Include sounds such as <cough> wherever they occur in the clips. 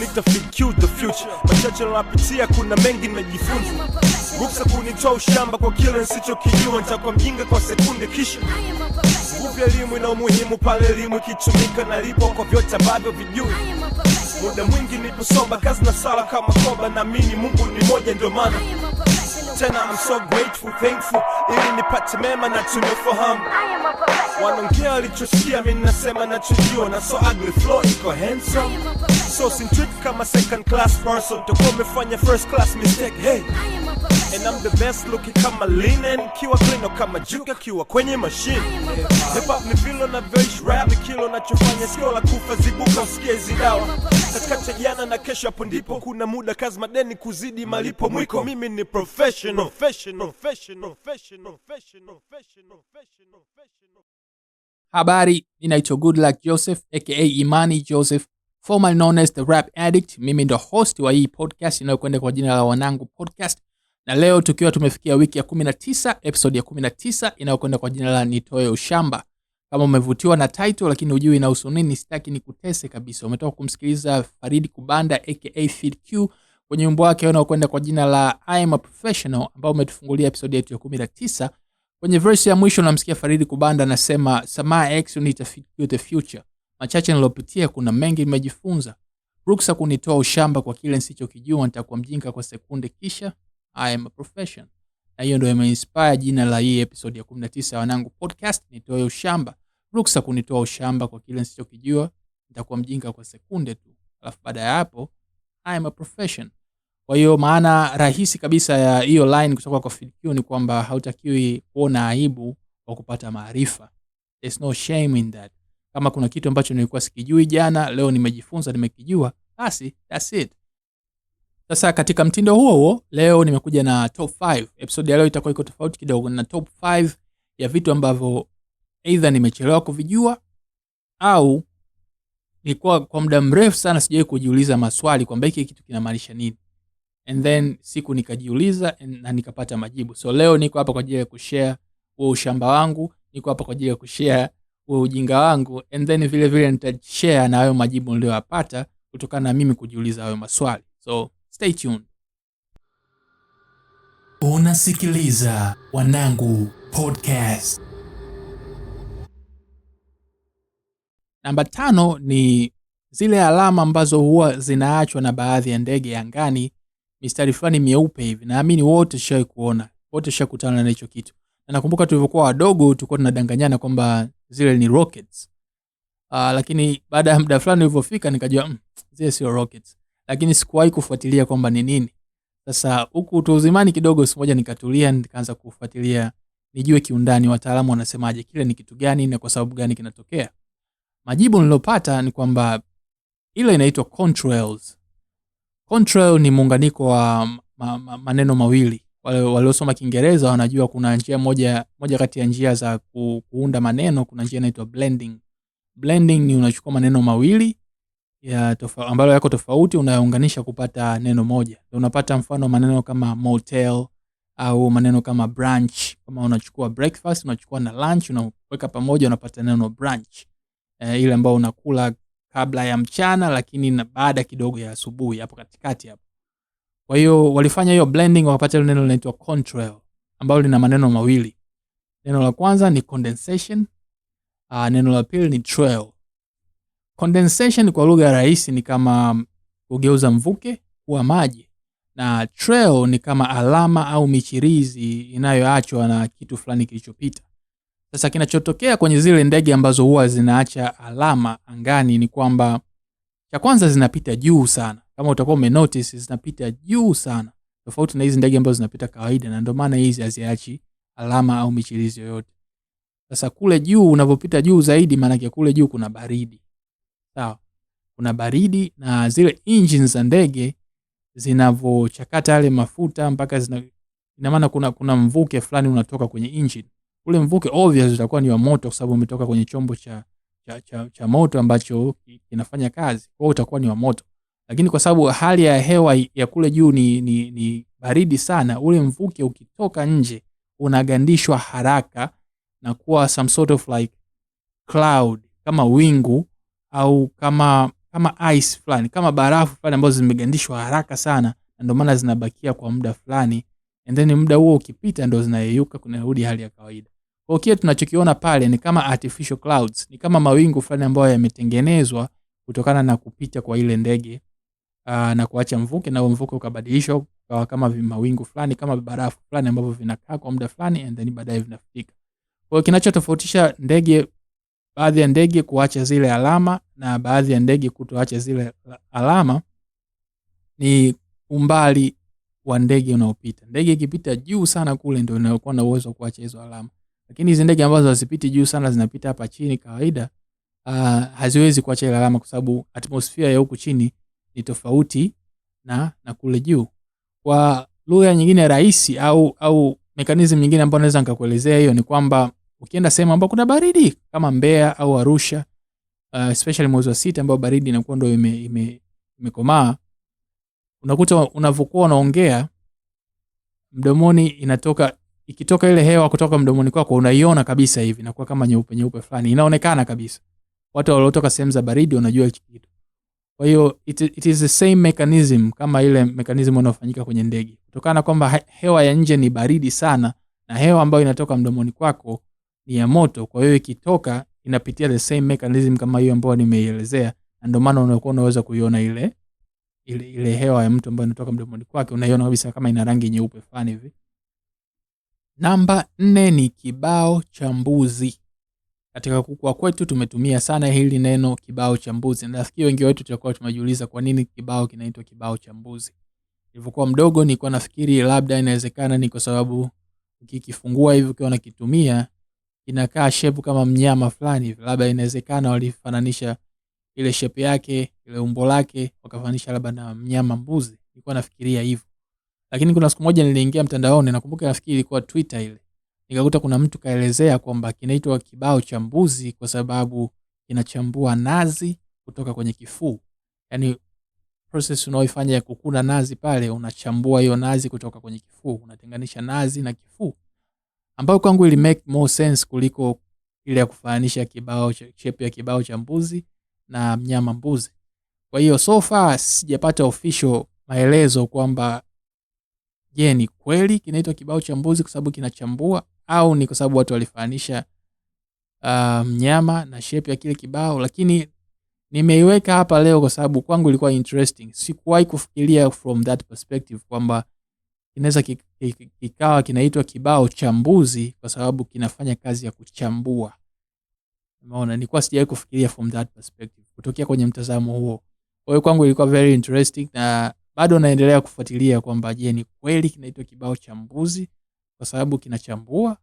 nitafikiu the future machache napitia kuna mengi najifunza ruksa kunitoa ushamba kwa kile nsichokijua nitakuwa mjinga kwa sekunde kisha nguvu elimu ina umuhimu pale elimu ikitumika nalipo kwa vyote ambavyo vijui muda mwingi niposoba kazi na sala kama koba naamini mungu ni moja ndio maana tena I'm so grateful, thankful ili nipate mema na tumie ufahamu. Wanaongea walichosikia, mimi nasema nachojua na so ugly flow iko handsome so centric kama second class person, takuwa umefanya first class mistake hey. And I'm the best looking kama linen kiwa klino kama juka kiwa kwenye machine Hip hop ni vilo na voice rap ni kilo nachofanya sio la kufa zibuka usikie hizi dawa katikati jana na kesho hapo ndipo kuna muda kazi madeni kuzidi malipo mwiko mimi ni professional professional professional professional professional professional professional Habari, ninaitwa Luck Joseph aka Imani Joseph formerly known as the Rap Addict. Mimi ndo host wa hii podcast inayokwenda kwa jina la Wanangu Podcast, na leo tukiwa tumefikia wiki ya 19, episode ya 19 inayokwenda kwa jina la Nitoe Ushamba. Kama umevutiwa na title lakini ujui inahusu nini, sitaki nikutese kabisa. Umetoka kumsikiliza Farid Kubanda aka fq kwenye wimbo wake unaokwenda kwa jina la I am a professional ambao umetufungulia episode yetu ya 19. Kwenye verse ya mwisho namsikia Farid Kubanda anasema Samaa X unita the future machache nilopitia, kuna mengi nimejifunza. Ruksa kunitoa ushamba kwa kile nsichokijua nitakuwa mjinga kwa sekunde, kisha I am a profession. Na hiyo ndo imeinspire jina la hii episode ya 19 ya Wanangu Podcast, nitoe ushamba. Ruksa kunitoa ushamba kwa kile nsichokijua nitakuwa mjinga kwa sekunde tu, alafu baada ya hapo I am a profession. Kwa hiyo maana rahisi kabisa ya hiyo line kutoka kwa Phil ni kwamba hautakiwi kuona aibu wa kupata maarifa. There's no shame in that. Kama kuna kitu ambacho nilikuwa sikijui jana, leo nimejifunza, nimekijua, basi that's it. Sasa katika mtindo huo huo, leo nimekuja na top 5. Episode ya leo itakuwa iko tofauti kidogo na top 5 ya vitu ambavyo either nimechelewa kuvijua au nilikuwa kwa muda mrefu sana sijawahi kujiuliza maswali kwamba hiki kitu kinamaanisha nini, and then siku nikajiuliza na nikapata majibu. So leo niko hapa kwa ajili ya kushare huo ushamba wangu, niko hapa kwa ajili ya kushare huo ujinga wangu, and then vile vile nitashare na hayo majibu niliyoyapata kutokana na mimi kujiuliza hayo maswali. So stay tuned. Unasikiliza Wanangu Podcast. Namba tano ni zile alama ambazo huwa zinaachwa na baadhi ya ndege angani, mistari fulani mieupe hivi. Naamini wote shawai kuona, wote shakutana na hicho kitu nakumbuka tulivyokuwa wadogo tulikuwa tunadanganyana kwamba zile ni rockets. Uh, lakini baada ya muda fulani ulivyofika nikajua mm, zile sio rockets, lakini sikuwahi kufuatilia kwamba ni nini. Sasa huku tuuzimani kidogo, siku moja nikatulia, nikaanza kufuatilia nijue kiundani, wataalamu wanasemaje, kile ni kitu gani na kwa sababu gani kinatokea. Majibu nilopata ni kwamba ile inaitwa contrails. Contrail ni muunganiko wa ma, ma, maneno mawili waliosoma Kiingereza wanajua kuna njia moja, moja kati ya njia za ku, kuunda maneno, kuna njia inaitwa blending. Blending ni unachukua maneno mawili ya tofa, ambayo yako tofauti unayounganisha kupata neno moja. Unapata mfano maneno kama motel au maneno kama branch. Kama unachukua breakfast, unachukua na lunch, unaweka pamoja, unapata neno branch e, eh, ile ambayo unakula kabla ya mchana, lakini na baada kidogo ya asubuhi hapo katikati hapo. Kwa hiyo walifanya hiyo blending wakapata neno linaloitwa contrail ambalo lina maneno mawili. Neno la kwanza ni condensation, uh, neno la pili ni trail. Condensation kwa lugha rahisi ni kama kugeuza mvuke kuwa maji na trail ni kama alama au michirizi inayoachwa na kitu fulani kilichopita. Sasa kinachotokea kwenye zile ndege ambazo huwa zinaacha alama angani ni kwamba cha kwanza zinapita juu sana kama utakuwa umenotice zinapita juu sana, tofauti na hizi ndege ambazo zinapita kawaida, na ndio maana hizi haziachi alama au michirizi yoyote. Sasa kule juu unavyopita juu zaidi, maanake kule juu kuna baridi, sawa? Kuna baridi na zile engine za ndege zinavochakata yale mafuta mpaka zina, ina maana kuna, kuna mvuke fulani unatoka kwenye engine. Ule mvuke obvious utakuwa ni wa moto, kwa sababu umetoka kwenye chombo cha, cha, cha, cha moto ambacho kinafanya kazi, kwa utakuwa ni wa moto lakini kwa sababu hali ya hewa ya kule juu ni, ni, ni baridi sana, ule mvuke ukitoka nje unagandishwa haraka na kuwa some sort of like cloud, kama wingu au kama kama ice fulani, kama barafu fulani ambazo zimegandishwa haraka sana, na ndio maana zinabakia kwa muda fulani, and then muda huo ukipita, ndio zinayeyuka kunarudi hali ya kawaida. Kwa hiyo kile tunachokiona pale ni kama artificial clouds, ni kama mawingu fulani ambayo yametengenezwa kutokana na kupita kwa ile ndege Ah, na kuacha mvuke, na mvuke ukabadilishwa ukawa kama mawingu fulani, kama barafu fulani ambavyo vinakaa kwa muda fulani and then baadaye vinafika. Kwa hiyo kinachotofautisha ndege, baadhi ya ndege kuacha zile alama na baadhi ya ndege kutoacha zile alama ni umbali wa ndege unaopita. Ndege ikipita juu sana kule ndio inayokuwa na uwezo kuacha hizo alama, lakini hizi ndege ambazo hazipiti juu sana, zinapita hapa chini kawaida, uh, haziwezi kuacha ile alama kwa sababu atmosfia ya huku chini ni tofauti na, na kule juu. Kwa lugha nyingine rahisi au, au mekanizmu nyingine ambayo naweza nikakuelezea hiyo ni kwamba ukienda sehemu ambapo kuna baridi kama Mbeya au Arusha uh, especially mwezi wa sita ambao baridi inakuwa ndio imekomaa ime, ime unakuta unavokuwa unaongea mdomoni inatoka ikitoka ile hewa kutoka mdomoni kwako kwa unaiona kabisa hivi, inakuwa kama nyeupe nyeupe fulani, inaonekana kabisa. Watu waliotoka sehemu za baridi wanajua kitu. Kwa hiyo it, it is the same mechanism kama ile mekanism unaofanyika kwenye ndege, kutokana kwamba hewa ya nje ni baridi sana na hewa ambayo inatoka mdomoni kwako ni ya moto. Kwa hiyo ikitoka inapitia the same mechanism kama hiyo ambayo nimeielezea, na ndio maana unakuwa unaweza kuiona ile ile ile hewa ya mtu ambayo inatoka mdomoni kwake, unaiona kabisa kama ina rangi nyeupe fulani hivi. Namba nne ni kibao cha mbuzi. Katika kukua kwetu tumetumia sana hili neno kibao cha mbuzi. Nafikiri wengi wetu tutakuwa tumejiuliza kwa nini kibao kinaitwa kibao cha mbuzi. ilivyokuwa mdogo nilikuwa nafikiri labda inawezekana ni kwa sababu ukikifungua hivi ukiwa unakitumia inakaa shepu kama mnyama fulani, hivi labda inawezekana walifananisha ile shepu yake, ile umbo lake wakafananisha labda na mnyama mbuzi. Nilikuwa nafikiria hivyo. Lakini kuna siku moja niliingia mtandaoni, nakumbuka nafikiri ilikuwa Twitter ile nikakuta kuna mtu kaelezea kwamba kinaitwa kibao cha mbuzi kwa sababu kinachambua nazi kutoka kwenye kifuu. Yani process unaoifanya ya kukuna nazi pale, unachambua hiyo nazi kutoka kwenye kifuu, unatenganisha nazi na kifuu, ambayo kwangu ili make more sense kuliko ile ya kufananisha kibao shape ya kibao cha mbuzi na mnyama mbuzi. Kwa hiyo so far sijapata official maelezo kwamba je, ni kweli kinaitwa kibao cha mbuzi kwa sababu kinachambua au ni kwa sababu watu walifananisha ah, mnyama um, na shape ya kile kibao, lakini nimeiweka hapa leo kwa sababu kwangu ilikuwa interesting. Sikuwahi kufikiria from that perspective kwamba kinaweza kikawa kinaitwa kibao cha mbuzi kwa sababu kinafanya kazi ya kuchambua. Umeona, nilikuwa sijawahi kufikiria from that perspective, kutokea kwenye mtazamo huo. Kwa hiyo kwangu ilikuwa very interesting, na bado naendelea kufuatilia kwamba je, ni kweli kinaitwa kibao cha mbuzi kwa sababu kinachambua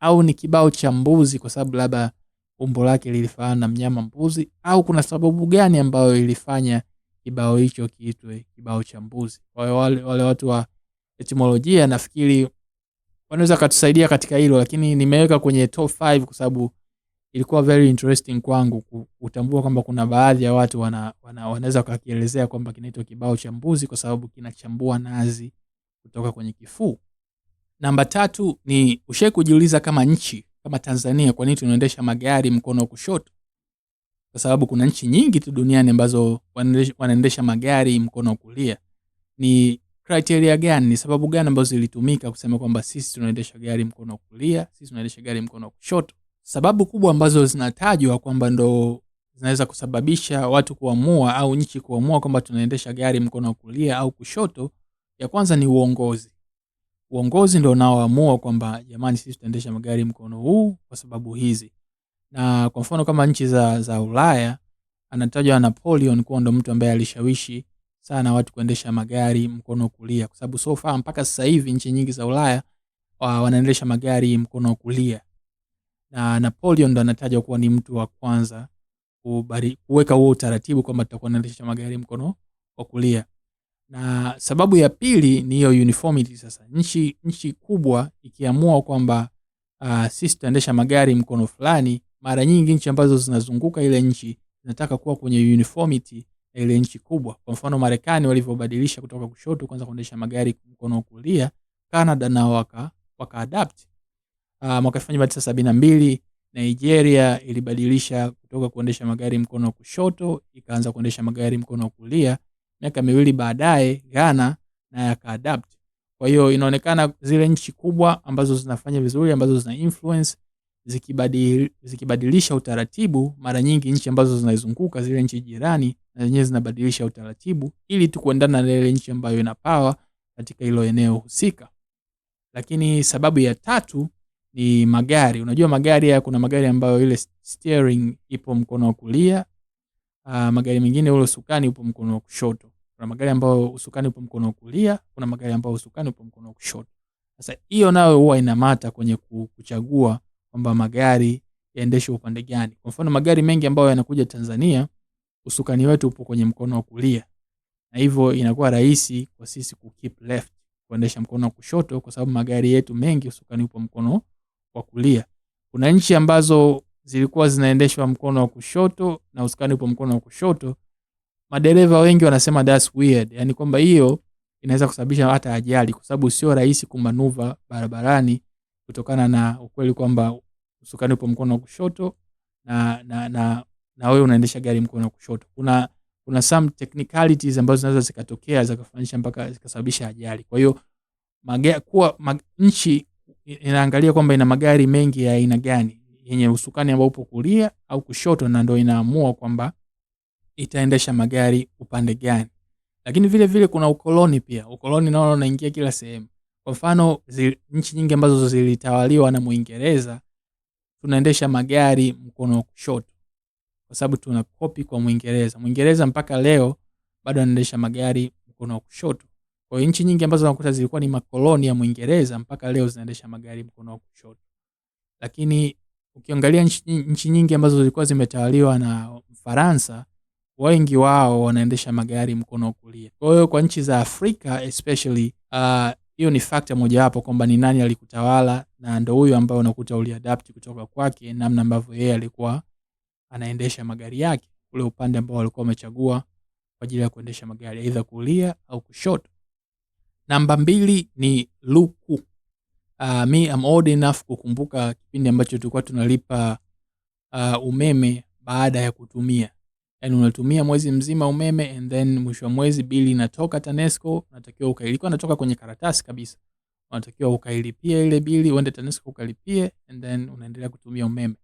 au ni kibao cha mbuzi kwa sababu labda umbo lake lilifanana na mnyama mbuzi, au kuna sababu gani ambayo ilifanya kibao hicho kiitwe kibao cha mbuzi? Kwa hiyo wale, wale watu wa etimolojia nafikiri wanaweza katusaidia katika hilo, lakini nimeweka kwenye top five kwa sababu ilikuwa very interesting kwangu kutambua kwamba kuna baadhi ya watu wana, wana, wanaweza wakakielezea kwamba kinaitwa kibao cha mbuzi kwa sababu kinachambua nazi kutoka kwenye kifuu. Namba tatu ni ushai kujiuliza kama nchi kama Tanzania, kwa nini tunaendesha magari mkono wa kushoto? Kwa sababu kuna nchi nyingi tu duniani ambazo wanaendesha magari mkono wa kulia. Ni criteria gani, ni sababu gani ambazo zilitumika kusema kwamba sisi tunaendesha gari mkono wa kulia, sisi tunaendesha gari mkono wa kushoto? Sababu kubwa ambazo zinatajwa kwamba ndo zinaweza kusababisha watu kuamua au nchi kuamua kwamba tunaendesha gari mkono wa kulia au kushoto, ya kwanza ni uongozi uongozi ndio unaoamua kwamba jamani, sisi tutaendesha magari mkono huu kwa sababu hizi. Na kwa mfano kama nchi za, za Ulaya anatajwa Napoleon kuwa ndo mtu ambaye alishawishi sana watu kuendesha magari mkono kulia, kwa sababu so far mpaka sasa hivi nchi nyingi za Ulaya wa wanaendesha magari mkono kulia, na Napoleon ndo anatajwa kuwa ni mtu wa kwanza kuweka huo utaratibu kwamba tutakuwa naendesha magari mkono wa kulia na sababu ya pili ni hiyo uniformity. Sasa nchi nchi kubwa ikiamua kwamba uh, sisi tutaendesha magari mkono fulani, mara nyingi nchi ambazo zinazunguka ile nchi zinataka kuwa kwenye uniformity ya ile nchi kubwa. Kwa mfano, Marekani walivyobadilisha kutoka kushoto kwanza kuendesha magari mkono kulia, Canada nao waka wakaadapt. Uh, ah, mwaka mbili Nigeria ilibadilisha kutoka kuendesha magari mkono wa kushoto ikaanza kuendesha magari mkono wa kulia miaka miwili baadaye Ghana naye akaadapt. Kwa hiyo inaonekana zile nchi kubwa ambazo zinafanya vizuri ambazo zina influence zikibadili, zikibadilisha utaratibu, mara nyingi nchi ambazo zinaizunguka zile nchi jirani na zenyewe zinabadilisha utaratibu ili tu kuendana na ile nchi ambayo ina power katika hilo eneo husika. Lakini sababu ya tatu ni magari. Unajua magari ya, kuna magari ambayo ile steering ipo mkono wa kulia, uh, magari mengine ule usukani upo mkono wa kushoto. Kuna magari ambayo usukani upo mkono wa kulia, kuna magari ambayo usukani upo mkono wa kushoto. Sasa hiyo nayo huwa inamata kwenye kuchagua kwamba magari yaendeshwe upande gani. Kwa mfano, magari mengi ambayo yanakuja Tanzania usukani wetu upo kwenye mkono wa kulia, na hivyo inakuwa rahisi kwa sisi ku keep left, kuendesha mkono wa kushoto, kwa sababu magari yetu mengi usukani upo mkono wa kulia. Kuna nchi ambazo zilikuwa zinaendeshwa mkono wa kushoto na usukani upo mkono wa kushoto, madereva wengi wanasema that's weird, yani kwamba hiyo inaweza kusababisha hata ajali, kwa sababu sio rahisi kumanuva barabarani kutokana na ukweli kwamba usukani upo mkono wa kushoto na na na, na wewe unaendesha gari mkono wa kushoto. Kuna kuna some technicalities ambazo zinaweza zikatokea zikafanyisha mpaka zikasababisha ajali. Kwa hiyo kuwa mag, nchi inaangalia kwamba ina magari mengi ya aina gani yenye usukani ambao upo kulia au kushoto, na ndio inaamua kwamba itaendesha magari upande gani. Lakini vile vile kuna ukoloni pia. Ukoloni nao unaingia kila sehemu. Kwa mfano, nchi nyingi ambazo zilitawaliwa na Mwingereza tunaendesha magari mkono wa kushoto kwa sababu tuna kopi kwa Mwingereza. Mwingereza mpaka leo bado anaendesha magari mkono wa kushoto. Kwa nchi nyingi ambazo nakuta zilikuwa ni makoloni ya Mwingereza mpaka leo zinaendesha magari mkono wa kushoto. Lakini ukiangalia nchi, nchi nyingi ambazo zilikuwa zimetawaliwa na Ufaransa wengi wao wanaendesha magari mkono wa kulia. Kwa hiyo kwa nchi za Afrika especially uh, hiyo uh, ni factor mojawapo kwamba ni nani alikutawala, na ndo huyo ambao unakuta uliadapt kutoka kwake, namna ambavyo yeye alikuwa anaendesha magari yake, ule upande ambao walikuwa wamechagua kwa ajili ya kuendesha magari, aidha kulia au kushoto. Namba mbili ni luku. Uh, mi am old enough kukumbuka kipindi ambacho tulikuwa tunalipa uh, umeme baada ya kutumia yani unatumia mwezi mzima umeme and then mwisho wa mwezi bili inatoka TANESCO, unatakiwa ukailipia, inatoka kwenye karatasi kabisa, unatakiwa ukailipia ile bili, uende TANESCO ukalipie, and then unaendelea kutumia umeme.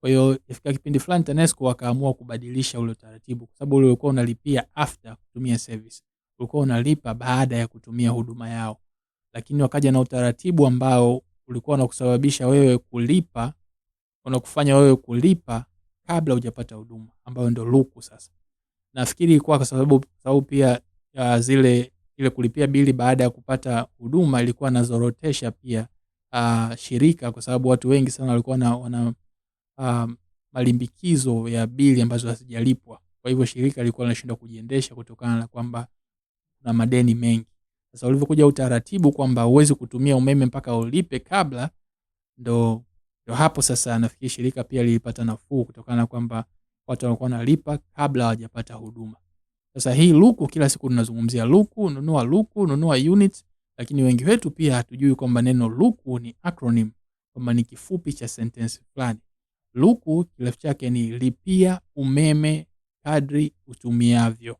Kwa hiyo ifika kipindi fulani TANESCO wakaamua kubadilisha ule utaratibu, kwa sababu ulikuwa unalipia after kutumia service, ulikuwa unalipa baada ya kutumia huduma yao, lakini wakaja na utaratibu ambao ulikuwa unakusababisha wewe kulipa, unakufanya wewe kulipa kabla hujapata huduma, ambayo ndio luku sasa. Nafikiri ilikuwa kwa sababu sababu pia ya zile ile kulipia bili baada ya kupata huduma ilikuwa nazorotesha pia uh, shirika kwa sababu watu wengi sana walikuwa na wana uh, malimbikizo ya bili ambazo hazijalipwa. Kwa hivyo shirika lilikuwa linashindwa kujiendesha kutokana na kwamba na madeni mengi. Sasa ulivyokuja utaratibu kwamba uwezi kutumia umeme mpaka ulipe kabla, ndo ndio hapo sasa nafikiri shirika pia lilipata nafuu kutokana na kwamba watu walikuwa wanalipa kabla hawajapata huduma. Sasa hii luku, kila siku tunazungumzia luku, nunua luku, nunua unit, lakini wengi wetu pia hatujui kwamba neno luku ni acronym, kwamba ni kifupi cha sentence fulani. Luku kirefu chake ni lipia umeme kadri utumiavyo,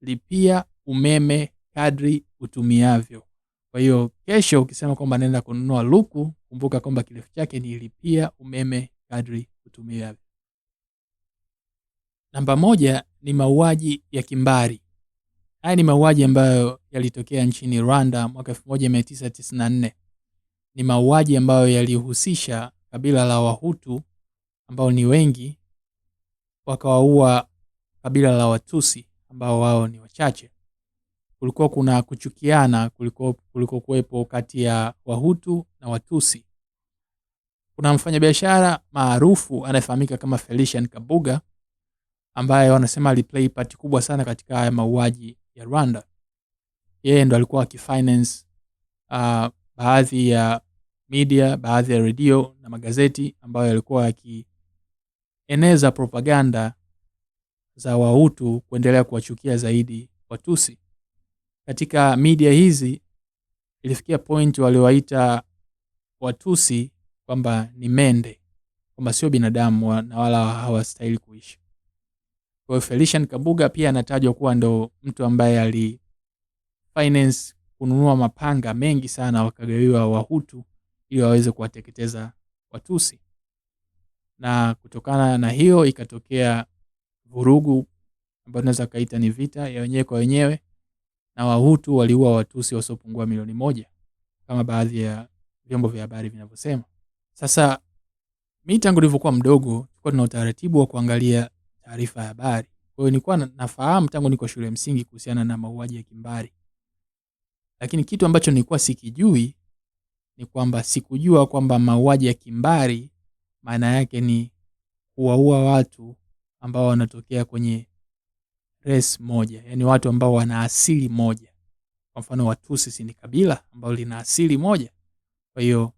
lipia umeme kadri utumiavyo. Kwa hiyo kesho ukisema kwamba naenda kununua luku Kumbuka kwamba kirefu chake ni lipia umeme kadri kutumia Namba moja ni mauaji ya kimbari. Haya ni mauaji ambayo yalitokea nchini Rwanda mwaka 1994. Ni mauaji ambayo yalihusisha kabila la Wahutu ambao ni wengi, wakawaua kabila la Watusi ambao wao ni wachache kulikuwa kuna kuchukiana kuliko kuwepo kati ya Wahutu na Watusi. Kuna mfanyabiashara maarufu anayefahamika kama Felician Kabuga ambaye wanasema aliplay part kubwa sana katika haya mauaji ya Rwanda. Yeye ndo alikuwa akifinance uh, baadhi ya media, baadhi ya redio na magazeti ambayo yalikuwa yakieneza propaganda za Wahutu kuendelea kuwachukia zaidi Watusi katika media hizi ilifikia point waliowaita Watusi kwamba ni mende, kwamba sio binadamu na wala hawastahili kuishi. Kwa Felician Kabuga pia anatajwa kuwa ndo mtu ambaye ali finance kununua mapanga mengi sana wakagawiwa Wahutu ili waweze kuwateketeza Watusi, na kutokana na hiyo ikatokea vurugu ambayo tunaweza kaita ni vita ya wenyewe kwa wenyewe na Wahutu waliua Watusi wasiopungua milioni moja kama baadhi ya vyombo vya habari vinavyosema. Sasa mi tangu nilivyokuwa mdogo tulikuwa tuna utaratibu wa kuangalia taarifa ya habari, kwahiyo nikuwa nilikuwa nafahamu tangu niko shule msingi kuhusiana na mauaji ya kimbari, lakini kitu ambacho nilikuwa sikijui ni kwamba sikujua kwamba mauaji ya kimbari maana yake ni kuwaua watu ambao wanatokea kwenye race moja, yani watu ambao wana asili moja. Kwa mfano Watusi ni kabila ambalo lina asili moja. Kwa hiyo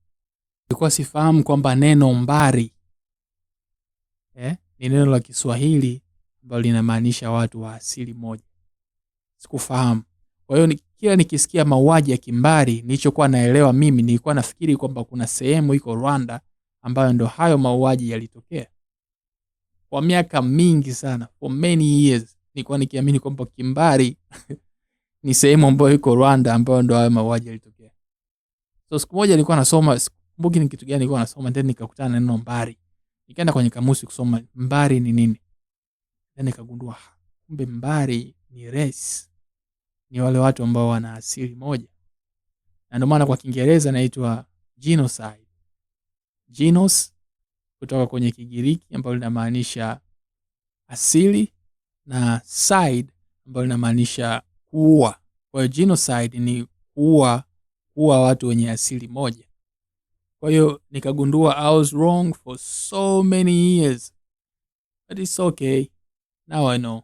nilikuwa sifahamu kwamba neno mbari eh, ni neno la Kiswahili ambalo linamaanisha watu wa asili moja, sikufahamu. Kwa hiyo kila nikisikia mauaji ya kimbari, nilichokuwa naelewa mimi, nilikuwa nafikiri kwamba kuna sehemu iko Rwanda ambayo ndo hayo mauaji yalitokea. Kwa miaka mingi sana, for many years nilikuwa nikiamini kwamba kimbari <laughs> ni sehemu ambayo iko rwanda ambayo ndo hayo mauaji yalitokea so siku moja nilikuwa nasoma sikumbuki ni kitu gani nilikuwa nasoma then nikakutana na neno mbari nikaenda kwenye kamusi kusoma mbari ni nini then nikagundua kumbe mbari ni race ni wale watu ambao wana asili moja na ndio maana kwa kiingereza naitwa genocide genos kutoka kwenye kigiriki ambayo linamaanisha asili na side ambayo inamaanisha kuua. Kwa hiyo genocide ni kuua, kuua watu wenye asili moja. Kwa hiyo nikagundua I was wrong for so many years, but it's okay now I know.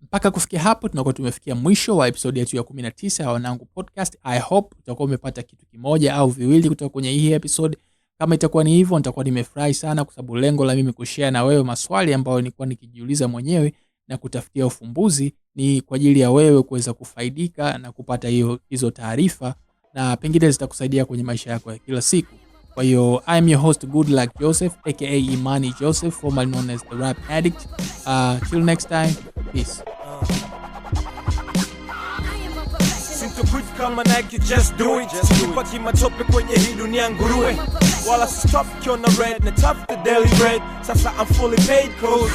Mpaka kufikia hapo, tunakuwa tumefikia mwisho wa episodi yetu ya tisa ya Wanangu Podcast. I hope utakuwa umepata kitu kimoja au viwili kutoka kwenye hii episode. Kama itakuwa ni hivyo, nitakuwa nimefurahi sana, kwa sababu lengo la mimi kushare na wewe maswali ambayo nilikuwa nikijiuliza mwenyewe na kutafutia ufumbuzi ni kwa ajili ya wewe kuweza kufaidika na kupata hiyo hizo taarifa na pengine zitakusaidia kwenye maisha yako ya kila siku. Kwa hiyo am your host Good Luck Joseph aka Imani Joseph formerly known as the Rap Addict. Uh, till next time, peace. kama Nike just do it sipati matope kwenye hii dunia nguruwe wala stop kiona red na tough the daily bread sasa I'm fully paid cause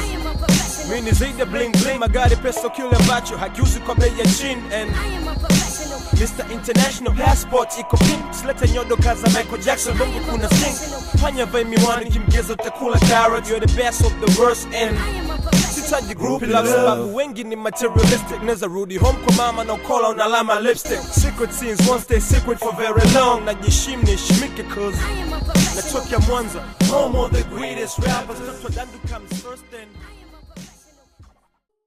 mimi zaidi bling bling magari pesa kile ambacho hakiuzi kwa bei ya chini and Mr. International Passport iko pimp sileta nyodo kaza Michael Jackson bongo kuna sing fanya vai miwani kimgeza utakula carrot you're the best of the worst and I am a mtaji group love sababu wengi ni materialistic naweza rudi home kwa mama na ukola unalama lipstick secret scenes won't stay secret for very long najishim nishimike cause natokea mwanza home of the greatest rappers Dr. Dandu comes first then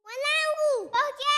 wanangu okay